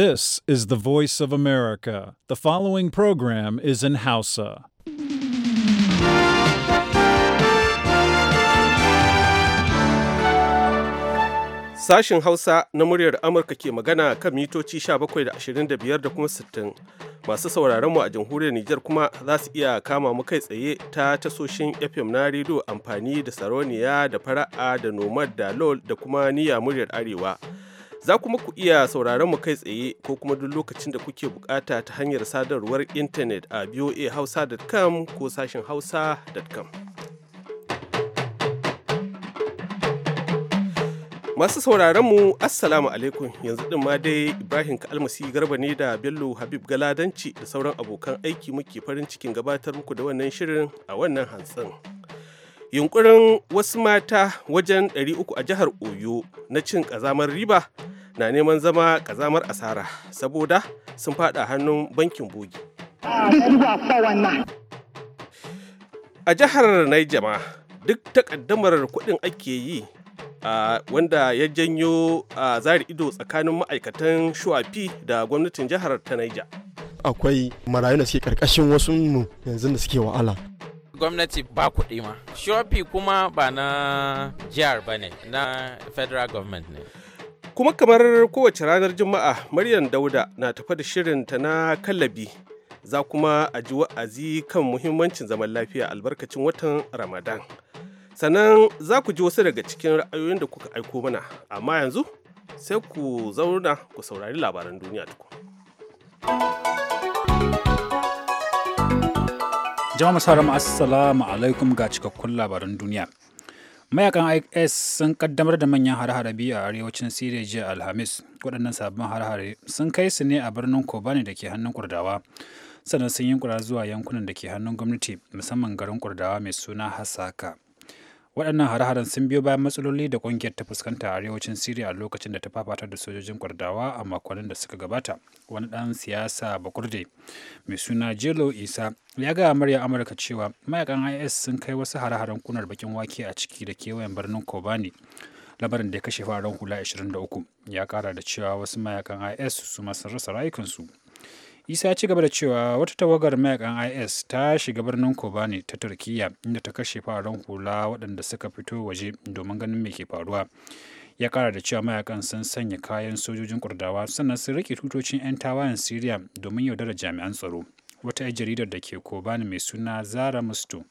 This is the voice of America. The following program is in Hausa. Sashen Hausa na muryar Amurka ke magana kan mitoci 17.25 da kuma 60. Masu sauraron mu a jamhuriyar Nijar kuma za su iya kama mu kai tsaye ta tasoshin FM na rediyo amfani da Saroniya da Fara'a da Nomad da LOL da kuma Niyya muryar Arewa. Za kuma ku iya sauraron mu kai tsaye ko kuma duk lokacin da kuke bukata ta hanyar sadarwar intanet a voahausa.com ko sashen hausa.com. Masu sauraron mu Assalamu alaikum yanzu din ma dai Ibrahim Kalmasi Garba ne da Bello Habib Galadanci da sauran abokan aiki muke farin cikin gabatar muku da wannan shirin a wannan hantsin. yunkurin wasu mata wajen 300 a jihar oyo na cin kazamar riba na neman zama kazamar asara saboda sun fada hannun bankin bogi a jihar naijama duk takaddamar kuɗin ake yi wanda ya janyo zari ido tsakanin ma'aikatan shuwafi da gwamnatin jihar ta naija akwai marayu da suke karkashin wasu mu yanzu da suke wa'ala gwamnati ba kuɗi ma kuma ba na jihar ba ne na federal government ne kuma kamar kowace ranar juma'a maryam dauda na tafa da shirinta na kallabi za kuma a ji wa'azi kan muhimmancin zaman lafiya albarkacin watan ramadan sannan za ku ji wasu daga cikin ra'ayoyin da kuka aiko mana amma yanzu sai ku zauna ku saurari labaran duniya tukun. jama'a sauran assalamu alaikum ga cikakkun labaran duniya mayakan is sun kaddamar da manyan hare-hare biyu a arewacin siriya jiya alhamis waɗannan sabbin hare-hare sun kai su ne a birnin kobani da ke hannun kurdawa sannan sun yi kura zuwa yankunan da ke hannun gwamnati musamman garin kurdawa mai suna hasaka waɗannan hare-haren sun biyo bayan matsaloli da ƙungiyar ta fuskanta a arewacin siriya a lokacin da ta fafatar da sojojin kwardawa a makonnin da suka gabata wani ɗan siyasa bakurde mai suna jelo isa ya ga murya amurka cewa mayakan is sun kai wasu hare-haren kunar bakin wake a ciki da kewayen birnin kobani labarin da ya kashe fararen hula 23 ya kara da cewa wasu mayakan is su masu rasa rayukansu isa ya ci gaba da cewa wata tawagar mayakan is ta shiga birnin kobani ta turkiya inda ta kashe fararen hula waɗanda suka fito waje domin ganin mai ke faruwa ya kara da cewa mayakan sun sanya kayan sojojin kurdawa sannan sun rike tutocin 'yan tawayen syria domin yaudarar jami'an tsaro wata jaridar da ke kobani mai suna zara musto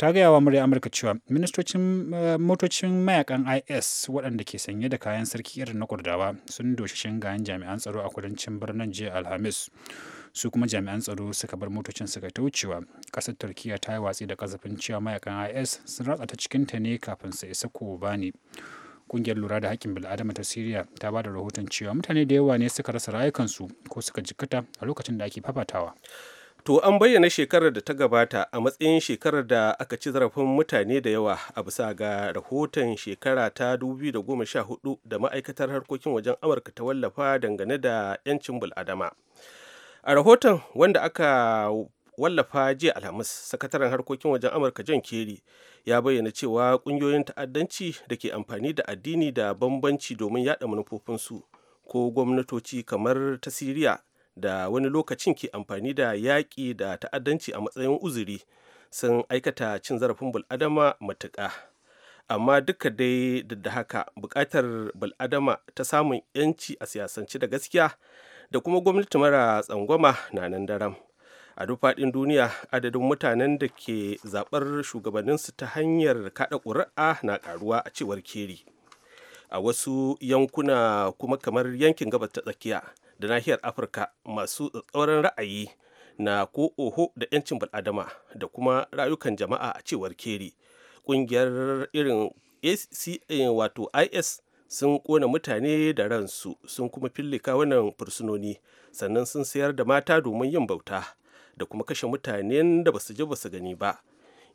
ta gaya wa murya amurka cewa ministocin eh, motocin mayakan is waɗanda ke sanye da kayan sarki irin na kurdawa sun doshi shingayen jami'an tsaro a kudancin birnin jiya alhamis su kuma jami'an tsaro suka bar motocin suka ta wucewa ƙasar turkiya ta yi watsi da kazafin cewa mayakan is sun ratsa ta cikinta ne kafin su isa kobani ƙungiyar lura da haƙƙin bil'adama ta siriya ta ba da rahoton cewa mutane da yawa ne suka rasa rayukansu ko suka jikkata a lokacin da ake fafatawa To an bayyana shekarar da ta gabata a matsayin shekarar da aka ci zarafin mutane da yawa a bisa ga rahoton shekara ta 2014 da ma'aikatar harkokin wajen Amurka ta wallafa dangane da 'yancin bul'adama. A rahoton wanda aka wallafa jiya Alhamis, sakataren harkokin wajen Amurka John Kerry ya bayyana cewa ƙungiyoyin ta'addanci da ke amfani da addini da bambanci domin yaɗa manufofinsu ko gwamnatoci kamar ta Siriya da wani lokacin ke amfani da yaƙi da ta'addanci a matsayin uzuri sun aikata cin zarafin bul'adama matuƙa amma duka dai da haka buƙatar bul'adama ta samun 'yanci a siyasance da gaskiya da kuma gwamnati mara tsangwama na nan daram a duk faɗin duniya adadin mutanen da ke zaɓar shugabanninsu ta hanyar kaɗa ƙuri'a na ƙaruwa a cewar keri a wasu yankuna kuma kamar yankin gabas ta tsakiya da nahiyar afirka masu tsatsauran ra'ayi na ko oho da 'yancin bal'adama da kuma rayukan jama'a a cewar keri ƙungiyar irin wato is sun kona mutane da ransu sun kuma fillika wannan fursunoni sannan sun sayar da mata domin yin bauta da kuma kashe mutanen da basu je basu gani ba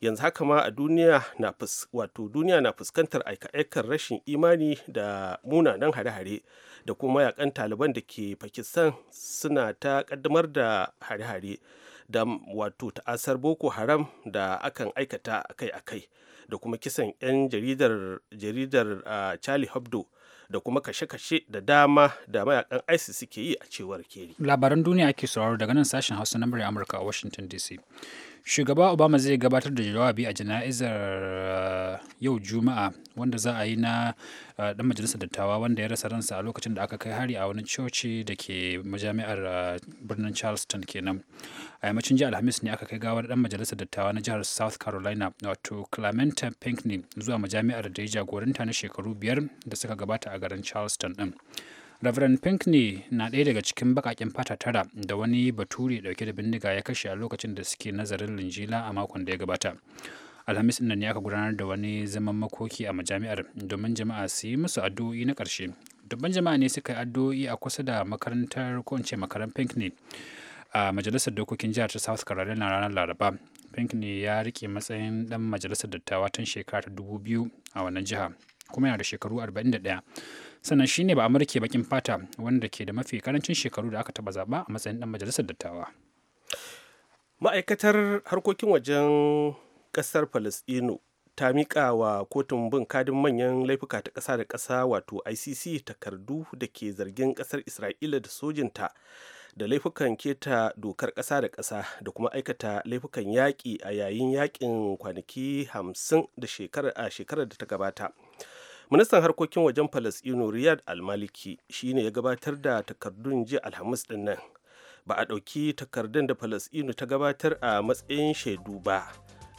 yanzu haka ma a duniya na wato duniya na fuskantar aika-aikar rashin imani da munanan hare-hare da kuma yakan taliban da ke pakistan suna ta kaddamar da hare-hare da wato ta'asar boko haram da akan aikata akai-akai da kuma kisan 'yan jaridar jaridar uh, charlie hebdo da kuma kashe-kashe da dama da mayakan isis suke yi a cewar keri labaran duniya ake sauraro daga nan sashen hausa na murya amurka a washington dc shugaba obama zai gabatar da jawabi a jana'izar uh, yau juma'a wanda za a yi na dan uh, majalisar dattawa wanda ya rasa ransa a lokacin da aka kai hari a wani coci da ke majami'ar uh, birnin charleston kenan a yammacin jihar alhamis ne aka kai gawar dan majalisar dattawa na jihar south carolina wato clementa pinkney zuwa majami'ar da ya jagoranta na shekaru biyar da suka gabata a garin charleston din Reverend Pinkney na ɗaya daga cikin baƙaƙen fata tara da wani bature ɗauke da bindiga ya kashe a lokacin da suke nazarin linjila a makon da ya gabata. Alhamis ɗin ne aka gudanar da wani zaman makoki a majami'ar domin jama'a su yi musu addu'o'i na ƙarshe. Dubban jama'a ne suka yi addu'o'i a kusa da makarantar ko in ce makaran Pinkney a majalisar dokokin jihar ta South Carolina ranar Laraba. Pinkney ya rike matsayin ɗan majalisar dattawa tun shekara ta biyu a wannan jiha kuma yana da shekaru 41. sannan shine ba amurke bakin fata wanda ke da mafi karancin shekaru da aka taba zaba a matsayin dan majalisar dattawa ma'aikatar harkokin wajen kasar palestino ta miƙa wa kotun bin kadin manyan laifuka ta ƙasa da ƙasa wato icc takardu da ke zargin ƙasar isra'ila da sojinta da laifukan keta dokar ƙasa da ƙasa da kuma aikata laifukan yaƙi a yayin yaƙin kwanaki hamsin da a shekarar da ta gabata ministan harkokin wajen falasɗinu riyad almaliki shine ya gabatar da takardun jiya alhamis din nan ba a ɗauki takardun da falasɗinu ta gabatar a matsayin shaidu ba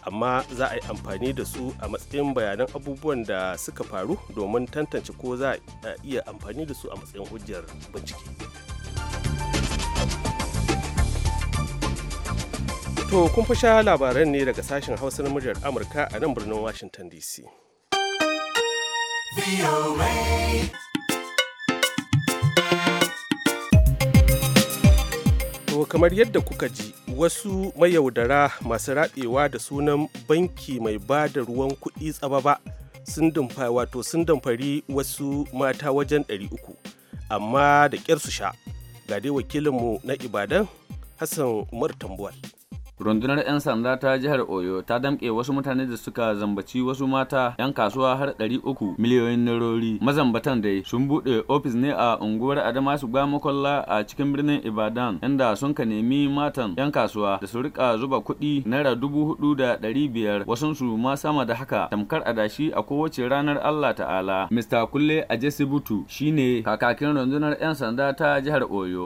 amma za a yi amfani da su a matsayin bayanan abubuwan da suka faru domin tantance ko za a iya amfani da su a matsayin hujjar bincike to kun fi sha labaran ne daga sashen hausa na muryar amurka a nan birnin washington dc To kamar yadda kuka ji wasu mayaudara masu raɗewa da sunan banki mai ba da ruwan kuɗi tsababa sun dumfa wato sun damfari wasu mata wajen ɗari uku, amma da ƙyar su sha ga dai wakilinmu na ibadan hassan umar tambuwal rundunar 'yan sanda ta jihar oyo ta damƙe wasu mutane da suka zambaci wasu mata 'yan kasuwa har 300 miliyoyin narori mazambatan dai sun buɗe ofis ne a unguwar adamasu makolla a cikin birnin ibadan inda sun ka nemi matan 'yan kasuwa da su rika zuba kuɗi naira dubu hudu da ɗari biyar su ma sama da haka tamkar adashi a kowace ranar allah ta'ala mr kulle a butu shine kakakin rundunar 'yan sanda ta jihar oyo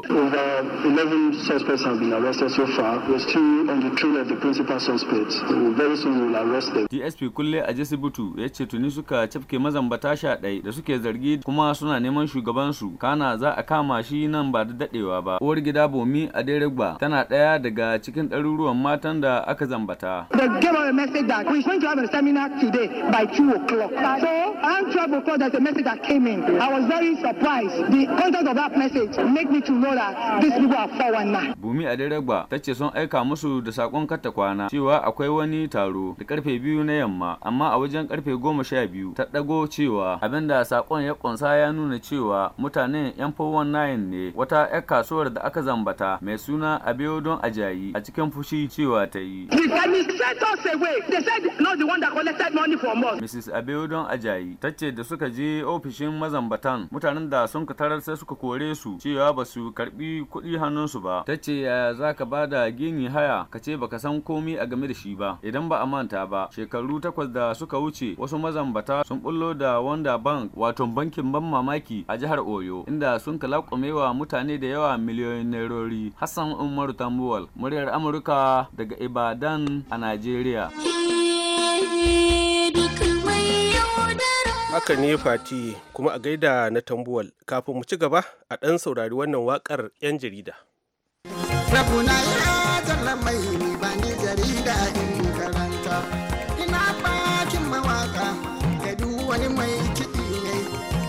DSP kulle a Jesibutu ya ce tuni suka cafke mazambata sha ɗai da suke zargi kuma suna neman shugabansu. Kana za a kama shi nan ba da daɗewa ba. Uwar gida Bomi Deregba tana ɗaya daga cikin ɗaruruwan matan da aka zambata. The government message that a seminar by 2 o'clock. So message that came in. ta ce sun aika musu da da sakon katta kwana cewa akwai wani taro da karfe biyu na yamma amma a wajen karfe goma sha biyu ta dago cewa abinda sakon ya kunsa ya nuna cewa mutanen yan fowon nayin ne wata yar kasuwar da aka zambata mai suna abiodun ajayi a cikin fushi cewa ta yi. Mrs. Abiodun Ajayi ta ce da suka je ofishin mazambatan mutanen da sun ka tarar sai suka kore su cewa ba su karbi kuɗi hannunsu ba ta ce yaya za ka ba da gini haya ka ce baka san komi a game da shi ba idan ba a manta ba shekaru takwas da suka wuce wasu mazambata sun bullo da wanda bank wato bankin ban mamaki a jihar oyo inda sun kalakumewa mutane da yawa miliyoyin hassan umaru tambuwal muryar amurka daga ibadan a najeriya haka ne fati kuma a gaida na tambuwal kafin mu ci gaba a ɗan saurari wannan waƙar 'yan jarida. malamai ni ba jarida in karanta ina bakin mawaka ga duk wani mai kiɗi ne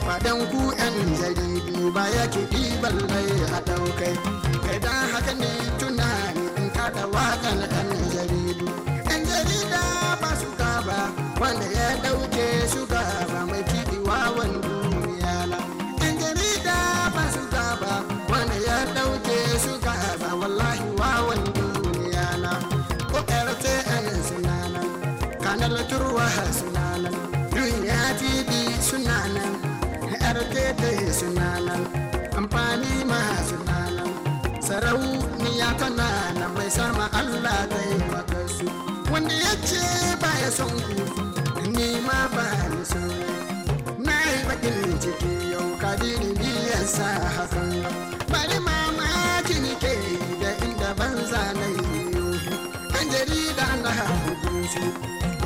fadan ku yan jaridu ba ya kiɗi balle a ɗaukai idan haka ne tunani in kada wakan yan jaridu yan jarida ba su ba wanda ya ɗauke su son ni ma ba ni so na yi bakin ciki yau ka bi ni biyan sa hakan bari mamaki ni ke da inda ban yo an jarida na hakan su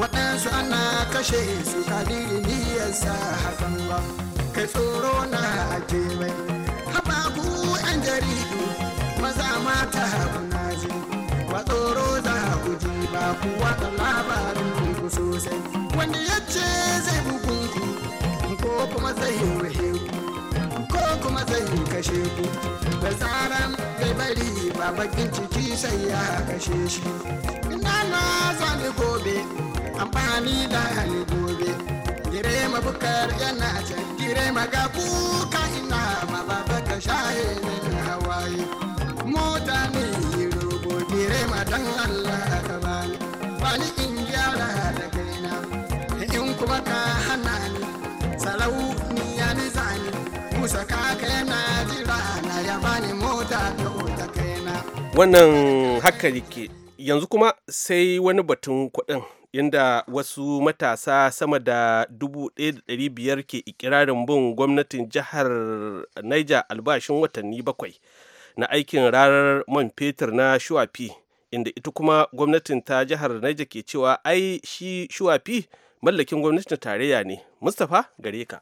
waɗansu ana kashe su ka bi ni biyan sa hakan ba kai tsoro na ake mai haba ku yan jaridu maza mata kuna ji ba tsoro za ku ji ba kuwa da labarin sosai wanda ya ce zai bugun ku ko kuma zai yi ku ko kuma zai kashe ku da tsaran bai bari ba bakin ciki sai ya kashe shi ina na zani gobe amfani da hali gobe gire ma bukar yana can gire ma ga kuka ina ma ba baka shaye hawaye saka kaina wannan haka yake yanzu kuma sai wani batun kuɗin inda wasu matasa sama da 1,500 ke ikirarin bin gwamnatin jihar Niger albashin watanni bakwai na aikin ranar man fetur na shuwafi inda ita kuma gwamnatin ta jihar Niger ke cewa ai shi shuwafi mallakin gwamnatin tarayya ne mustapha gare ka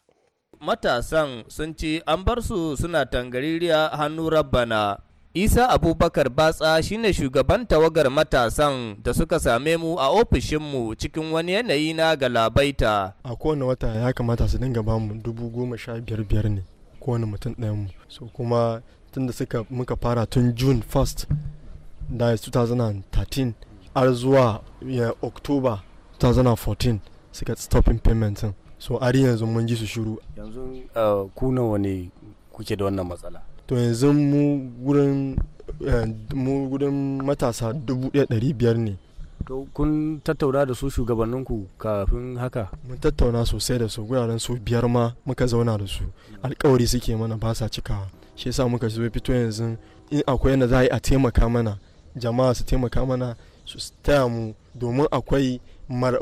matasan sun ci an bar su suna tangaririya hannu rabbana isa abubakar batsa shine shugaban tawagar matasan da suka same mu a ofishinmu cikin wani yanayi na galabaita a kowane wata ya kamata su dinga bamu dubu goma sha biyar biyar ne kowane mutum ɗayan mu so kuma tun da suka muka fara tun june 1st da 2013 har zuwa october 2014 suka stopping payment so har yanzu mun ji su shuru. yanzu eh, ku nawa ne kuke da wannan matsala to yanzu mu gurin eh, matasa dubu biyar ne to kun tattauna da su shugabanninku kafin haka mun tattauna sosai da su guraren su biyar ma muka zauna da su alkawari suke mana ba sa cikawa shi yasa muka zo fito yanzu in akwai yadda za a yi a taimaka mana jama'a su taimaka mana su taya mu domin akwai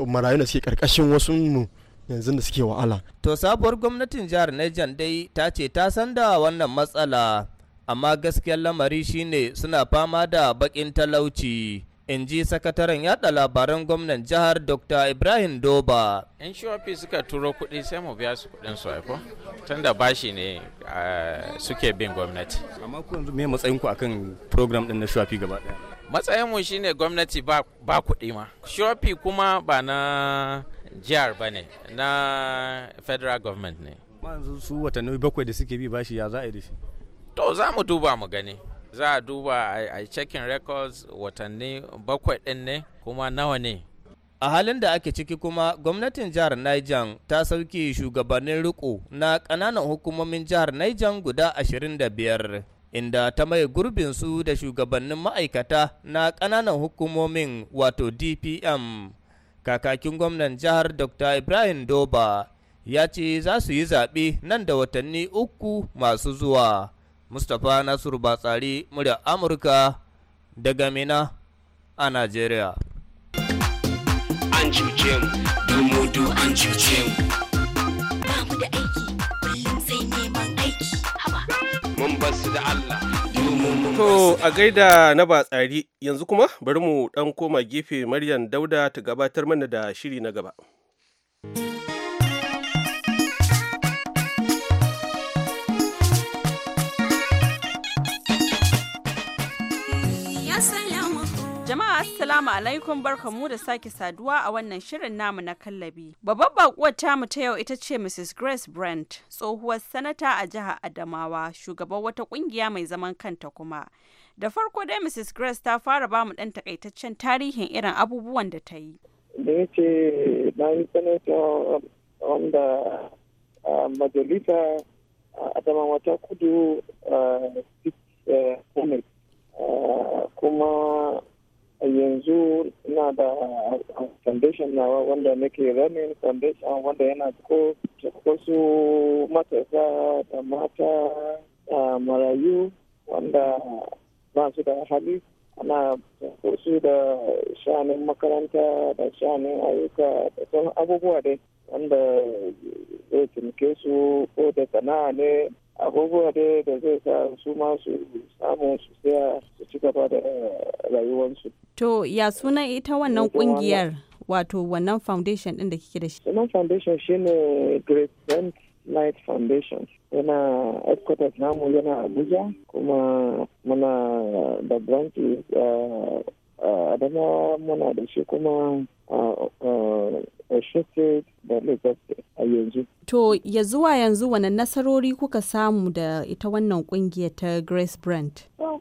marayu da suke karkashin wasu mu yanzu da suke wa'ala. To sabuwar gwamnatin jihar Niger dai ta ce ta san da wannan matsala amma gaskiyar lamari shine suna fama da bakin talauci. in ji sakataren yada labaran gwamnan jihar dr ibrahim doba In shofi suka turo kuɗi sai mu biya su kuɗin su haifo tun da bashi ne suke bin gwamnati amma ku yanzu me matsayin ku akan program din na shofi gaba ɗaya matsayin mu shine gwamnati ba kuɗi ma shofi kuma ba na jihar ba ne na federal government ne yanzu su watanni bakwai da suke bi bashi ya za a yi shi to za mu duba mu gani za a duba a checking records watanni bakwai din ne kuma nawa ne a halin da ake ciki kuma gwamnatin jihar Niger ta sauke shugabannin riko na ƙananan hukumomin jihar Niger guda 25 inda ta mai gurbinsu da shugabannin ma'aikata na ƙananan hukumomin wato dpm kakakin gwamnan jihar dr ibrahim doba ya ce za su yi zaɓe nan da watanni uku masu zuwa mustapha nasiru batsari murya amurka daga mina a najeriya an an ba mu da aiki kullum sai neman aiki mun basu da allah To a gaida na ba tsari yanzu kuma bari mu ɗan koma gefe Maryam Dauda ta gabatar mana da shiri na gaba. Assalamu alaikum barkamu da sake saduwa a wannan shirin namu na kallabi. Babbar bakuwar tamu ta yau ita ce Mrs. Grace Brent, tsohuwar sanata a jihar Adamawa, shugaban wata kungiya mai zaman kanta kuma. Da farko dai Mrs. Grace ta fara ba mu ɗan takaitaccen tarihin irin abubuwan da ta yi. Da ya ce yi sanata wanda majalisa Adamawa ta kudu eh, kuma yanzu na da foundation nawa wanda nake ramin foundation wanda yana ko wasu matasa da mata a marayu wanda ba su da hali ana su da shanin makaranta da shanin ayyuka da sauran abubuwa dai wanda zai taimake su ko da sana'a ne abubuwa dai da zai sa su ma su samu su tsaya su ci gaba da rayuwarsu To ya sunan ita wannan kungiyar wato wannan foundation din da kike da shi? Sunan foundation shine Great Friends Light Foundation. Yana headquarters namu yana Abuja kuma muna da branches uh, adama muna da shi kuma State da Lagos a yanzu. To ya zuwa yanzu wani nasarori kuka samu da ita wannan kungiyar ta Grace Brand?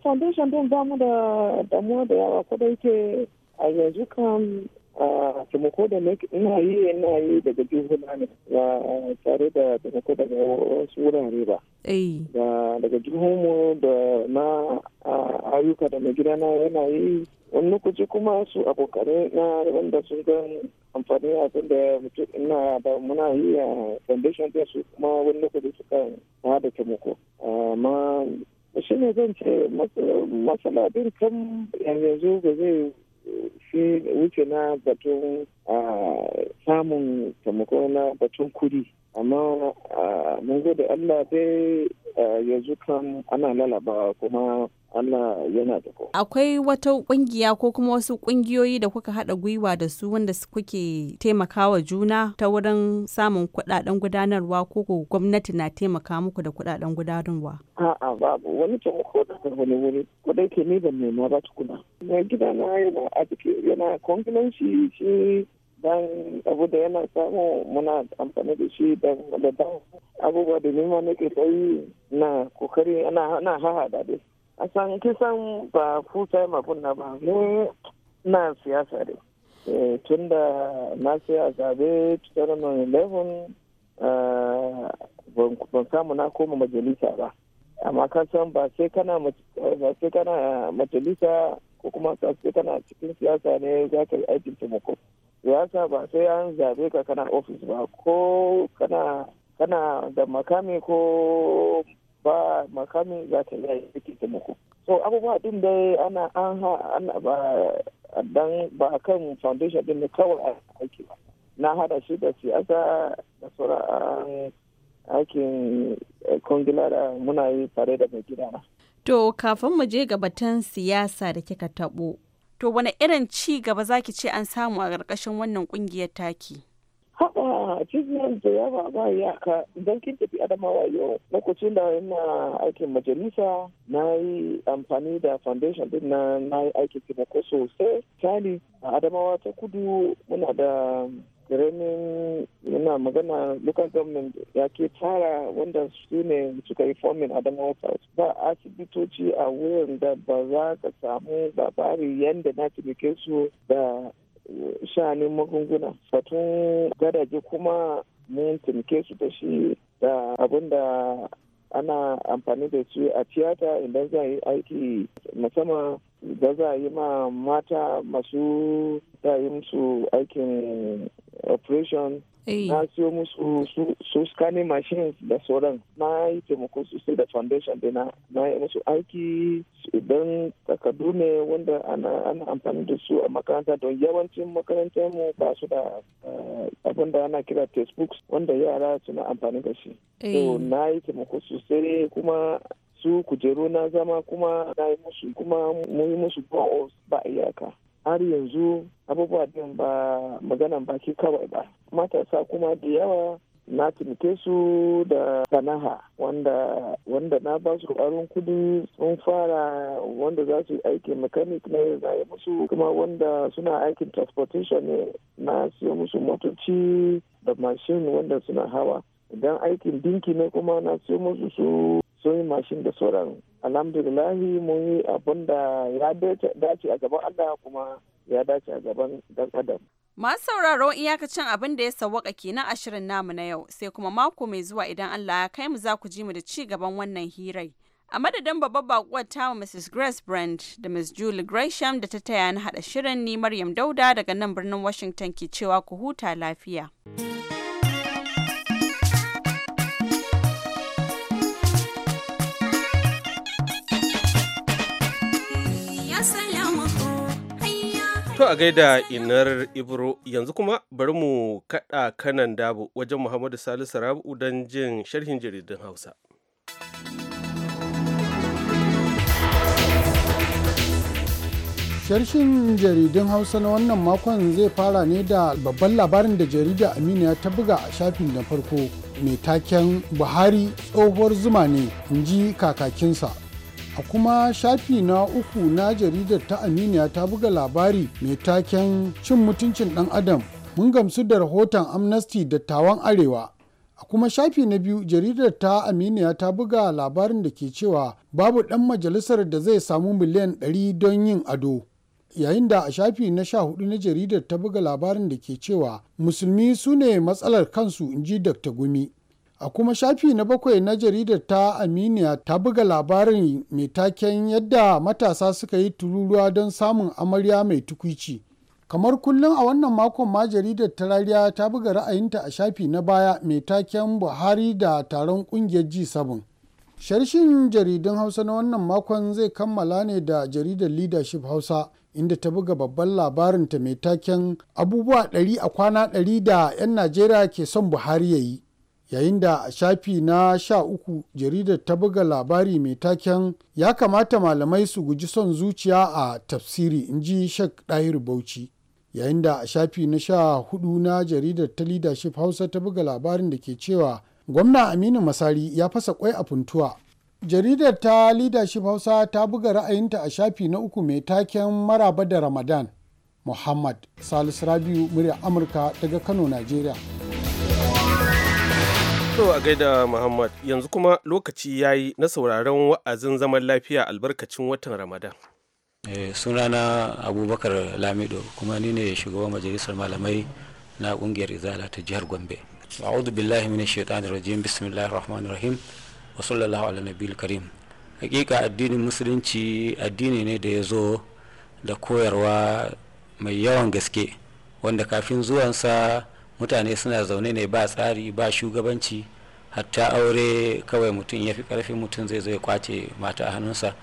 Foundation din ba mu da damuwa da yawa ko yake a yanzu kan taimako da ina yi ina yi daga jihuna ne ba tare da taimako daga wasu wurare ba. Eh. Daga mu da na ayyuka da gida na yana yi wani kuce kuma su abokanai na wanda sun gan amfani a sun da mutum ina da muna yi a foundation din su kuma wani lokaci suka ba da taimako amma shi ne zan ce matsala din kan yanzu ba zai fi wuce na batun samun taimako na batun kudi amma mun gode allah dai yanzu kan ana lalaba kuma Allah yana da ko. Akwai wata kungiya ko kuma wasu kungiyoyi da kuka haɗa gwiwa da su wanda kuke taimakawa juna ta wurin samun kuɗaɗen gudanarwa ko ko gwamnati na taimaka muku da kuɗaɗen gudanarwa. A'a babu wani taimako da wani wuri ko da yake ni ban nema ba tukuna. Na gida na yana a ciki yana kwangilanci shi dan abu da yana samu muna amfani da shi dan da abubuwa da nema ke tsayi na kokari ana hana hahada da su. a san kisan ba full time na ba mu na siyasa ne eh, tun da na siya zabe 2011 eh, ban samu na koma majalisa ba amma ka san ba sai kana majalisa ko kuma sai kana cikin siyasa ne za ka yi aikin taimako siyasa ba sai an zabe ka kana ofis ba ko kana da makami ko ba makami za ta iya yake taimako so abubuwa ɗin da ana an ha ana ba dan ba kan foundation din ne kawai aiki ba na hada shi da siyasa da sauran aikin eh, kungila da muna yi tare da mai gidana to kafin mu je ga batun siyasa da kika taɓo. to wani irin ci gaba zaki ce an samu a ƙarƙashin wannan ƙungiyar taki A'a achievement da yawa ba ya ka idan kin tafi Adamawa yau lokacin da ina aikin majalisa na yi amfani da foundation din na na yi aikin taimako sosai. tani a Adamawa ta kudu muna da karamin yana magana local government ya ke tara wanda su ne suka yi fomin adamawa south ba asibitoci a wurin da ba za ka samu labari yadda na taimake su da sha'anin magunguna batun gadaje kuma mun taimake su da shi da abin da ana amfani da su a tiyata idan za yi aiki musamman da za yi ma mata masu da yi musu aikin operation Eh. na siyo musu su scanning machines da sauran na yi taimako sosai da foundation dina na yi musu aiki idan takardu ne wanda ana amfani da su a makaranta don yawancin makarantar mu ba su da eh, abin da ana kira textbooks wanda yara suna amfani da shi so eh. na yi taimako sosai kuma su kujeru na zama kuma na yi musu kuma mun yi musu ba iyaka har yanzu abubuwa din ba maganan baki kawai ba matasa kuma da yawa na taimake su da sanaha wanda wanda na ba su ƙwarin kudi sun fara wanda za su yi aikin mechanic na yi musu kuma wanda suna aikin transportation ne na siyo musu motoci da mashin wanda suna hawa idan aikin dinki ne kuma na siyo musu su sun yi mashin da sauran alhamdulillahi mun yi abin da ya dace a gaban Allah kuma ya dace a gaban dan adam. Masu sauraro iyakacin abin da ya sauwaka kenan a shirin namu na yau sai kuma mako mai zuwa idan Allah ya kai mu za ku ji mu da ci gaban wannan hirai. A madadin babbar bakuwar tawa Mrs. Grace Brand da Ms. Julie Gresham da ta taya na haɗa shirin ni Maryam Dauda daga nan birnin Washington ke cewa ku huta lafiya. To a gaida inar Ibro yanzu kuma bari mu kaɗa kanan dabu wajen Muhammadu Salisu Rabu don jin sharhin jaridun Hausa. Sharshin jaridun Hausa na wannan makon zai fara ne da babban labarin da jarida ya ta buga a shafin na farko mai taken Buhari tsohuwar zuma ne, in ji kakakinsa. A kuma shafi na uku na jaridar ta Aminiya ta buga labari mai taken cin mutuncin ɗan adam mun gamsu da rahoton amnesty da dattawan arewa a kuma shafi na biyu jaridar ta aminiya ta buga labarin da ke cewa babu dan majalisar da zai samu miliyan 100 don yin ado yayin da a shafi na sha hudu na jaridar ta buga labarin da ke cewa musulmi su ne matsalar kansu in ji dr gumi A kuma shafi na bakwai na jaridar ta Aminiya ta buga labarin mai taken yadda matasa suka yi tururuwa don samun amarya mai tukwici. Kamar kullum a wannan makon ma jaridar ta rariya ta buga ra'ayinta a shafi na baya mai taken Buhari da taron kungiyar G7. Sharshin jaridun Hausa na wannan makon zai kammala ne da jaridar Leadership Hausa inda ta buga babban labarinta mai taken abubuwa 100 a kwana 100 da 'yan Najeriya ke son Buhari ya yi. yayin da a shafi na sha uku jaridar ta buga labari mai taken ya kamata malamai su guji son zuciya a tafsiri in ji shek ɗahir bauchi yayin da a shafi na sha hudu na jaridar ta leadership hausa ta buga labarin da ke cewa gwamna aminu masari ya fasa kwai a funtuwa jaridar ta leadership hausa ta buga ra'ayinta a shafi na uku mai taken maraba da ramadan muhammad salisu rabiu murya amurka daga kano nigeria To a gaida Muhammad yanzu kuma lokaci ya yi na sauraron wa'azin zaman lafiya albarkacin watan Ramadan. Eh, sunana Abubakar Lamido kuma ni ne shugaban majalisar malamai na kungiyar Izala ta jihar Gombe. A'udhu billahi minash shaitanir rajim bismillahir rahmanir rahim wa sallallahu ala nabiyil karim. Hakika addinin musulunci addini ne da ya zo da koyarwa mai yawan gaske wanda kafin zuwansa mutane suna zaune ne ba tsari ba shugabanci hatta aure kawai mutum ya fi karfin mutum zai zo ya kwace mata a hannunsa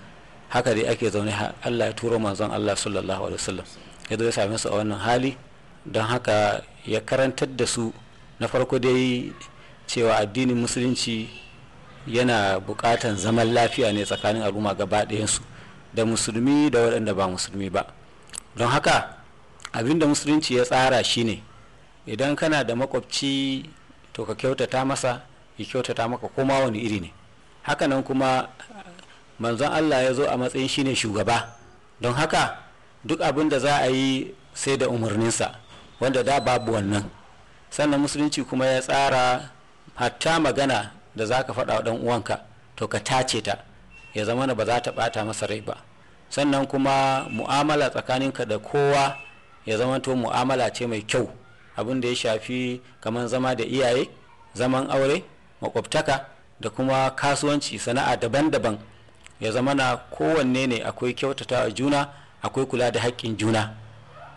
haka dai ake zaune allah ya turo manzon allah sallallahu alaihi wasallam ya zo ya same su a wannan hali don haka ya karantar da su na farko dai cewa addinin musulunci yana bukatan zaman lafiya ne tsakanin al'umma gaba ɗayansu da musulmi da waɗanda ba musulmi ba don haka abinda musulunci ya tsara shine idan kana da makwabci to ka kyautata masa ya kyautata maka koma wani iri ne hakanan kuma manzon allah ya zo a matsayin shine shugaba don haka duk abin da za a yi sai da umarninsa wanda da babu wannan sannan musulunci kuma ya tsara hatta magana da za ka faɗa wa uwanka to ka tace ta ya zama ba za ta ɓata masa rai ba sannan kuma mu'amala tsakaninka da kowa ya zama to mu'amala ce mai kyau abin da ya shafi kamar zama da iyaye zaman aure makwabtaka da kuma kasuwanci sana'a daban-daban ya zama na kowanne ne akwai kyautata kyautatawa juna akwai kula da haƙƙin juna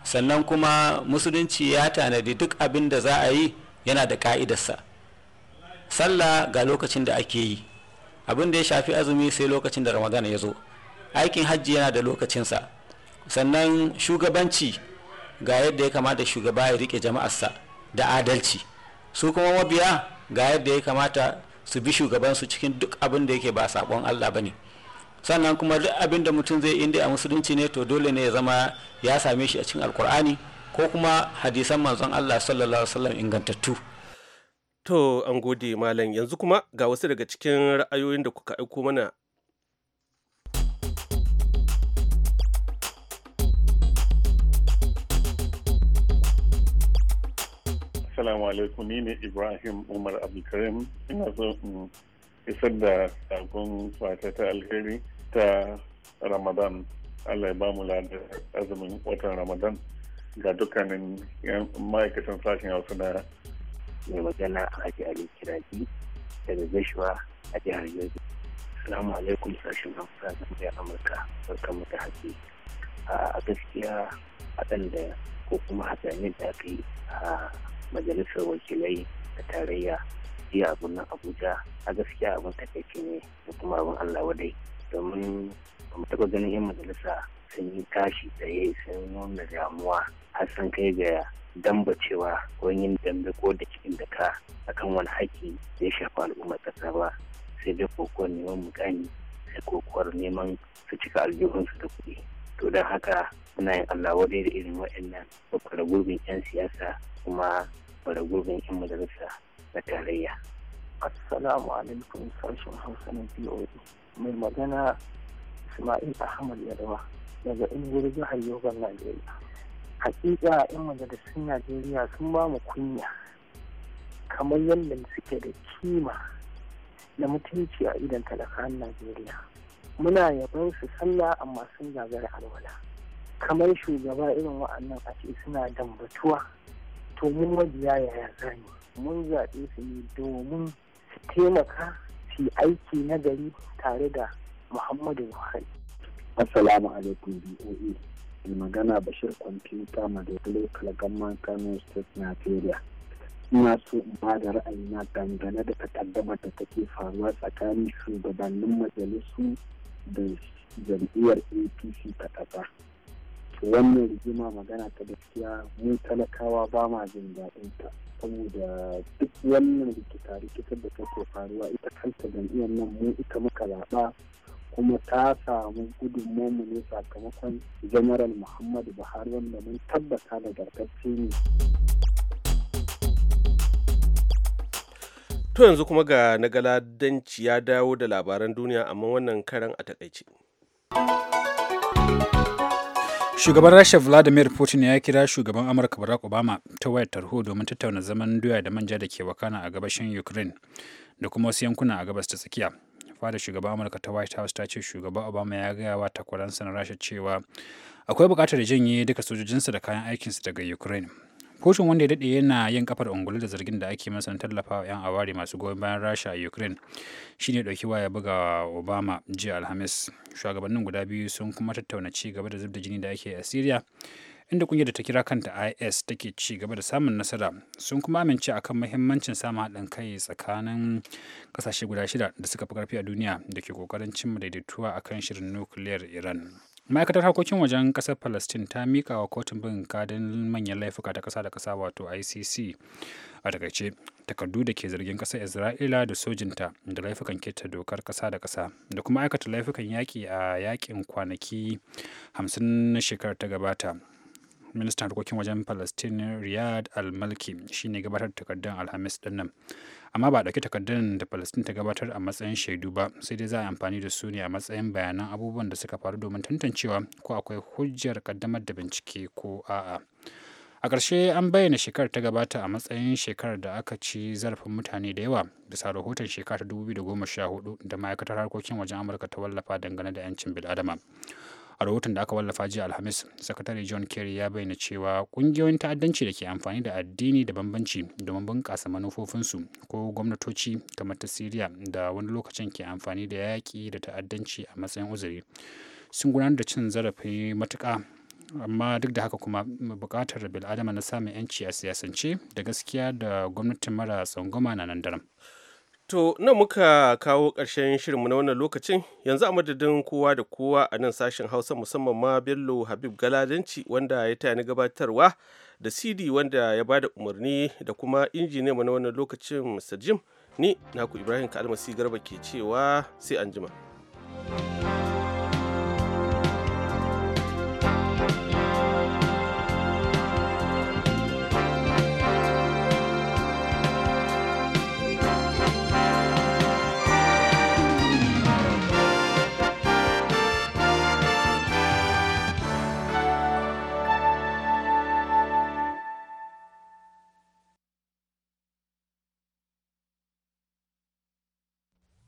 sannan kuma musulunci ya tanadi duk abin da za a yi yana da ƙa'idarsa sallah ga lokacin da ake yi abin da ya shafi azumi sai lokacin da ramadana ya zo aikin hajji yana da lokacinsa sannan shugabanci ga yadda ya kamata shugaba ya rike jama'arsa da adalci su kuma mabiya ga yadda ya kamata su bi shugabansu cikin duk abin da yake ba sabon Allah bane sannan kuma duk abin da mutum zai inda a musulunci ne to dole ne ya zama ya same shi a cikin alkur'ani ko kuma hadisan manzon Allah sallallahu alaihi wasallam ingantattu to an gode malam yanzu kuma ga wasu daga cikin ra'ayoyin da kuka aiko mana Assalamu alaikum ni ne Ibrahim Umar Abdulkarim ina so in isar da sakon fata ta alheri ta Ramadan Allah ya bamu ladar azumin watan Ramadan ga dukkanin ma'aikatan sashen Hausa na mai magana a Haji Ali Kiraji daga Gashuwa a jihar Yobe. Assalamu alaikum sashen Hausa na Amurka barkamu da haƙi. A gaskiya da ko kuma hatsarin da aka yi a majalisar wakilai da tarayya jiya abun nan abuja a gaskiya abun takaici ne da kuma abun allah wadai domin ba mu taɓa ganin yan majalisa sun yi tashi tsaye sun nuna damuwa har san kai ga dambacewa ko yin dambe ko da cikin da ka kan wani haƙƙi ya shafa al'ummar ƙasa ba sai dai kokowar neman mukami sai kokowar neman su cika aljihunsu da kuɗi to don haka muna yin allah wadai da irin waɗannan babbar gurbin 'yan siyasa kuma bara yan majalisa na tarayya. Assalamu alaikum sashen Hausa na POD. Mai magana Ismail Ahmad Yarwa daga Ingiri jihar Yoban Najeriya. Hakika yan majalisun Najeriya sun ba mu kunya kamar yadda suke da kima na mutunci a idan talakan Najeriya. Muna yabon su sallah amma sun gagara alwala. kamar shugaba irin wa'annan a ce suna dambatuwa to mun mabiya yaya zani mun zaɓe su ne domin su taimaka su aiki na gari tare da muhammadu buhari assalamu alaikum boe mai magana bashir kwamfuta madagalai kalgamman kano state nigeria ina so in ba da ra'ayi na dangane da takaddama da take faruwa tsakanin shugabannin majalisu da jam'iyyar apc ta ƙasa wannan rigima magana ta gaskiya mu talakawa ba ma jin daɗin ta saboda duk wannan rikita rikitar da take faruwa ita kanta jam'iyyar nan mu ita muka zaɓa kuma ta samu gudunmu ne sakamakon general muhammadu buhari wanda mun tabbata da gargacce ne to yanzu kuma ga nagaladanci ya dawo da labaran duniya amma wannan karan a takaice. Shugaban Rasha Vladimir Putin ya kira shugaban Amurka Barack Obama ta wayar tarho domin tattauna zaman doya da manja da ke wakana a gabashin Ukraine da kuma wasu yankuna a gabas ta tsakiya. Fada shugaban Amurka ta White House ta ce shugaban Obama ya gaya wa takwaransa na Rasha cewa akwai bukatar janye duka sojojinsa da kayan aikinsa daga Ukraine kotun wanda ya daɗe yana yin kafar ungulu da zargin da ake masa tallafawa 'yan awari masu goyon bayan Rasha a Ukraine shi ne ɗauki waya buga Obama jiya Alhamis. Shugabannin guda biyu sun kuma tattauna ci gaba da da jini da ake a Syria. Inda kungiyar da ta kira kanta IS take ci gaba da samun nasara sun kuma amince akan muhimmancin samun haɗin kai tsakanin ƙasashe guda shida da suka fi ƙarfi a duniya da ke ƙoƙarin cimma daidaituwa akan shirin nukiliyar Iran. ma'aikatar harkokin wajen ƙasar palestine ta miƙa wa kotun bin kadin manyan laifuka ta ƙasa da ƙasa wato icc a takaice takardu da ke zargin ƙasar isra'ila da sojinta da laifukan keta dokar ƙasa da ƙasa da kuma aikata laifukan yaƙi a yaƙin kwanaki 50 na shekarar ta gabata ministan harkokin wajen palestine riyad al-malki shine gabatar da takardun alhamis din nan amma ba a ɗauki takardun da palestine ta gabatar a matsayin shaidu ba sai dai za a amfani da su ne a matsayin bayanan abubuwan da suka faru domin tantancewa ko akwai hujjar kaddamar da bincike ko a'a a ƙarshe an bayyana shekarar ta gabata a matsayin shekarar da aka ci zarafin mutane da yawa bisa rahoton shekarar ta 2014 da ma'aikatar harkokin wajen amurka ta wallafa dangane da 'yancin bil'adama a rahoton da aka wallafa jiya alhamis sakatare john kerry ya bayyana cewa kungiyoyin ta'addanci da ke amfani da addini da bambanci domin bunƙasa manufofinsu ko gwamnatoci kamar ta syria da wani lokacin ke amfani da yaƙi da ta'addanci a matsayin uzuri sun gudanar da cin zarafi matuƙa amma duk da haka kuma buƙatar bil'adama na samun 'yanci a siyasance da gaskiya da gwamnatin mara tsangwama na nan daram To, nan muka kawo ƙarshen shirinmu na wannan lokacin yanzu a madadin kowa da kowa a nan sashen Hausa musamman ma Bello Habib Galadanci wanda ya taya ni gabatarwa da CD wanda ya bada umarni da kuma mu na wannan lokacin Mr. Jim ni naku Ibrahim Kalmasi Garba ke cewa sai anjima. thank